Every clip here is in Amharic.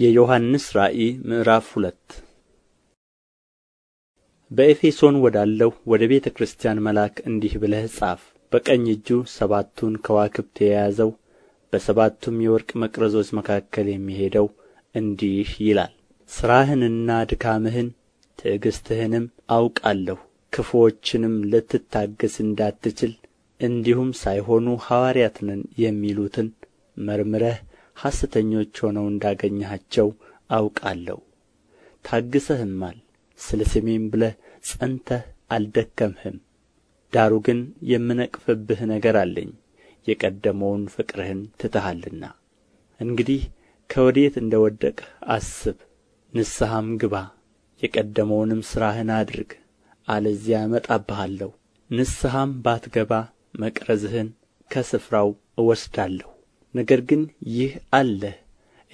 የዮሐንስ ራእይ ምዕራፍ ሁለት በኤፌሶን ወዳለው ወደ ቤተ ክርስቲያን መልአክ እንዲህ ብለህ ጻፍ። በቀኝ እጁ ሰባቱን ከዋክብት የያዘው በሰባቱም የወርቅ መቅረዞች መካከል የሚሄደው እንዲህ ይላል፣ ሥራህንና ድካምህን ትዕግሥትህንም አውቃለሁ። ክፉዎችንም ልትታገስ እንዳትችል እንዲሁም ሳይሆኑ ሐዋርያት ነን የሚሉትን መርምረህ ሐሰተኞች ሆነው እንዳገኘሃቸው አውቃለሁ ታግሠህማል ስለ ስሜም ብለህ ጸንተህ አልደከምህም ዳሩ ግን የምነቅፍብህ ነገር አለኝ የቀደመውን ፍቅርህን ትተሃልና እንግዲህ ከወዴት እንደ ወደቅህ አስብ ንስሐም ግባ የቀደመውንም ሥራህን አድርግ አለዚያ እመጣብሃለሁ ንስሐም ባትገባ መቅረዝህን ከስፍራው እወስዳለሁ ነገር ግን ይህ አለህ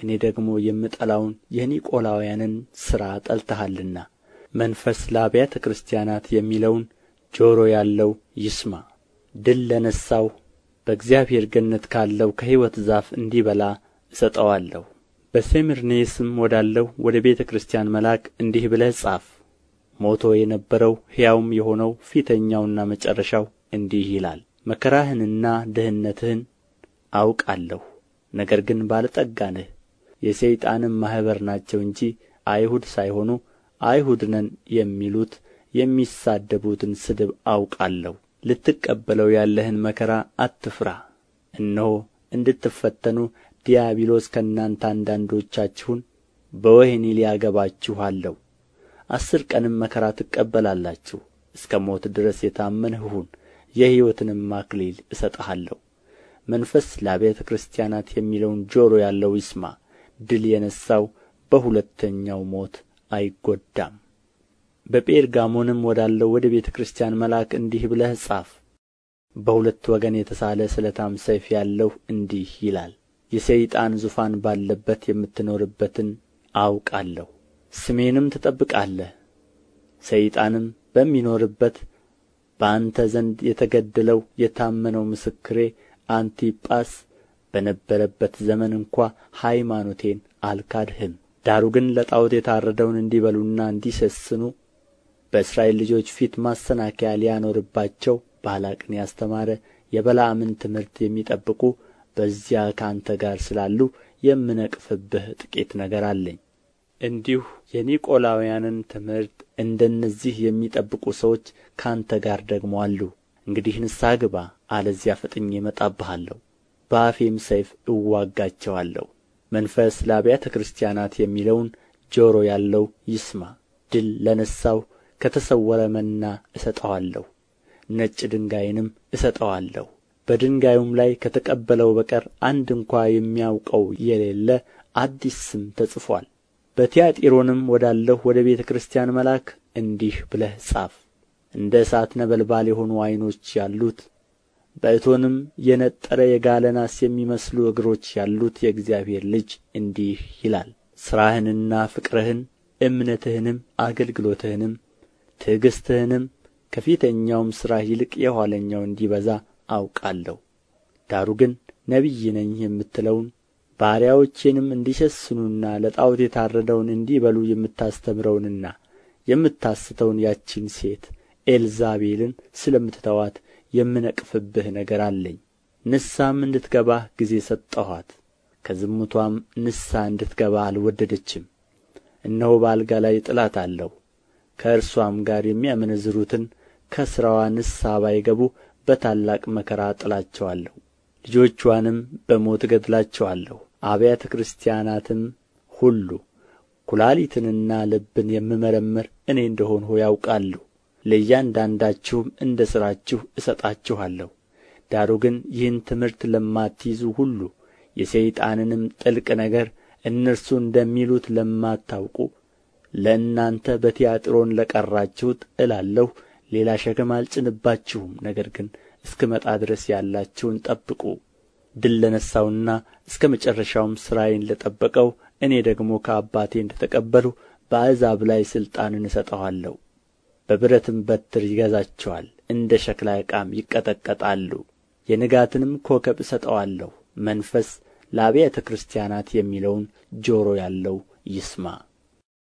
እኔ ደግሞ የምጠላውን የኒቆላውያንን ሥራ ጠልተሃልና መንፈስ ለአብያተ ክርስቲያናት የሚለውን ጆሮ ያለው ይስማ ድል ለነሣው በእግዚአብሔር ገነት ካለው ከሕይወት ዛፍ እንዲበላ እሰጠዋለሁ በሴምርኔስም ወዳለው ወደ ቤተ ክርስቲያን መልአክ እንዲህ ብለህ ጻፍ ሞቶ የነበረው ሕያውም የሆነው ፊተኛውና መጨረሻው እንዲህ ይላል መከራህንና ድህነትህን አውቃለሁ ነገር ግን ባለ ጠጋ ነህ የሰይጣንም ማኅበር ናቸው እንጂ አይሁድ ሳይሆኑ አይሁድ ነን የሚሉት የሚሳደቡትን ስድብ አውቃለሁ ልትቀበለው ያለህን መከራ አትፍራ እነሆ እንድትፈተኑ ዲያብሎስ ከእናንተ አንዳንዶቻችሁን በወህኒ ሊያገባችሁ አለው አስር ቀንም መከራ ትቀበላላችሁ እስከ ሞት ድረስ የታመንህ ሁን የሕይወትንም አክሊል እሰጥሃለሁ መንፈስ ለአብያተ ክርስቲያናት የሚለውን ጆሮ ያለው ይስማ ድል የነሣው በሁለተኛው ሞት አይጎዳም በጴርጋሞንም ወዳለው ወደ ቤተ ክርስቲያን መልአክ እንዲህ ብለህ ጻፍ በሁለት ወገን የተሳለ ስለታም ሰይፍ ያለው እንዲህ ይላል የሰይጣን ዙፋን ባለበት የምትኖርበትን አውቃለሁ ስሜንም ትጠብቃለህ ሰይጣንም በሚኖርበት በአንተ ዘንድ የተገደለው የታመነው ምስክሬ አንቲጳስ በነበረበት ዘመን እንኳ ሃይማኖቴን አልካድህም ዳሩ ግን ለጣዖት የታረደውን እንዲበሉና እንዲሰስኑ በእስራኤል ልጆች ፊት ማሰናከያ ሊያኖርባቸው ባላቅን ያስተማረ የበላምን ትምህርት የሚጠብቁ በዚያ ከአንተ ጋር ስላሉ የምነቅፍብህ ጥቂት ነገር አለኝ እንዲሁ የኒቆላውያንን ትምህርት እንደነዚህ የሚጠብቁ ሰዎች ከአንተ ጋር ደግሞ አሉ እንግዲህ ንስሐ ግባ አለዚያ ፈጥኜ እመጣብሃለሁ በአፌም ሰይፍ እዋጋቸዋለሁ መንፈስ ለአብያተ ክርስቲያናት የሚለውን ጆሮ ያለው ይስማ ድል ለነሣው ከተሰወረ መና እሰጠዋለሁ ነጭ ድንጋይንም እሰጠዋለሁ በድንጋዩም ላይ ከተቀበለው በቀር አንድ እንኳ የሚያውቀው የሌለ አዲስ ስም ተጽፏል። በቲያጢሮንም ወዳለሁ ወደ ቤተ ክርስቲያን መልአክ እንዲህ ብለህ ጻፍ እንደ እሳት ነበልባል የሆኑ ዓይኖች ያሉት በእቶንም የነጠረ የጋለ ናስ የሚመስሉ እግሮች ያሉት የእግዚአብሔር ልጅ እንዲህ ይላል ሥራህንና ፍቅርህን እምነትህንም አገልግሎትህንም ትዕግሥትህንም ከፊተኛውም ሥራህ ይልቅ የኋለኛው እንዲበዛ አውቃለሁ። ዳሩ ግን ነቢይ ነኝ የምትለውን ባሪያዎቼንም እንዲሸስኑና ለጣዖት የታረደውን እንዲበሉ የምታስተምረውንና የምታስተውን ያችን ሴት ኤልዛቤልን ስለምትተዋት የምነቅፍብህ ነገር አለኝ ንስሐም እንድትገባ ጊዜ ሰጠኋት ከዝሙቷም ንስሐ እንድትገባ አልወደደችም እነሆ በአልጋ ላይ ጥላት አለው። ከእርስዋም ጋር የሚያመነዝሩትን ከሥራዋ ንስሐ ባይገቡ በታላቅ መከራ ጥላቸዋለሁ፣ ልጆቿንም በሞት እገድላቸዋለሁ አብያተ ክርስቲያናትም ሁሉ ኵላሊትንና ልብን የምመረምር እኔ እንደሆንሁ ያውቃሉ ለእያንዳንዳችሁም እንደ ሥራችሁ እሰጣችኋለሁ ዳሩ ግን ይህን ትምህርት ለማትይዙ ሁሉ የሰይጣንንም ጥልቅ ነገር እነርሱ እንደሚሉት ለማታውቁ ለእናንተ በትያጥሮን ለቀራችሁት እላለሁ ሌላ ሸክም አልጭንባችሁም ነገር ግን እስክመጣ ድረስ ያላችሁን ጠብቁ ድል ለነሣውና እስከ መጨረሻውም ሥራዬን ለጠበቀው እኔ ደግሞ ከአባቴ እንደ ተቀበልሁ በአሕዛብ ላይ ሥልጣንን እሰጠዋለሁ በብረትም በትር ይገዛቸዋል እንደ ሸክላ ዕቃም ይቀጠቀጣሉ የንጋትንም ኮከብ እሰጠዋለሁ መንፈስ ለአብያተ ክርስቲያናት የሚለውን ጆሮ ያለው ይስማ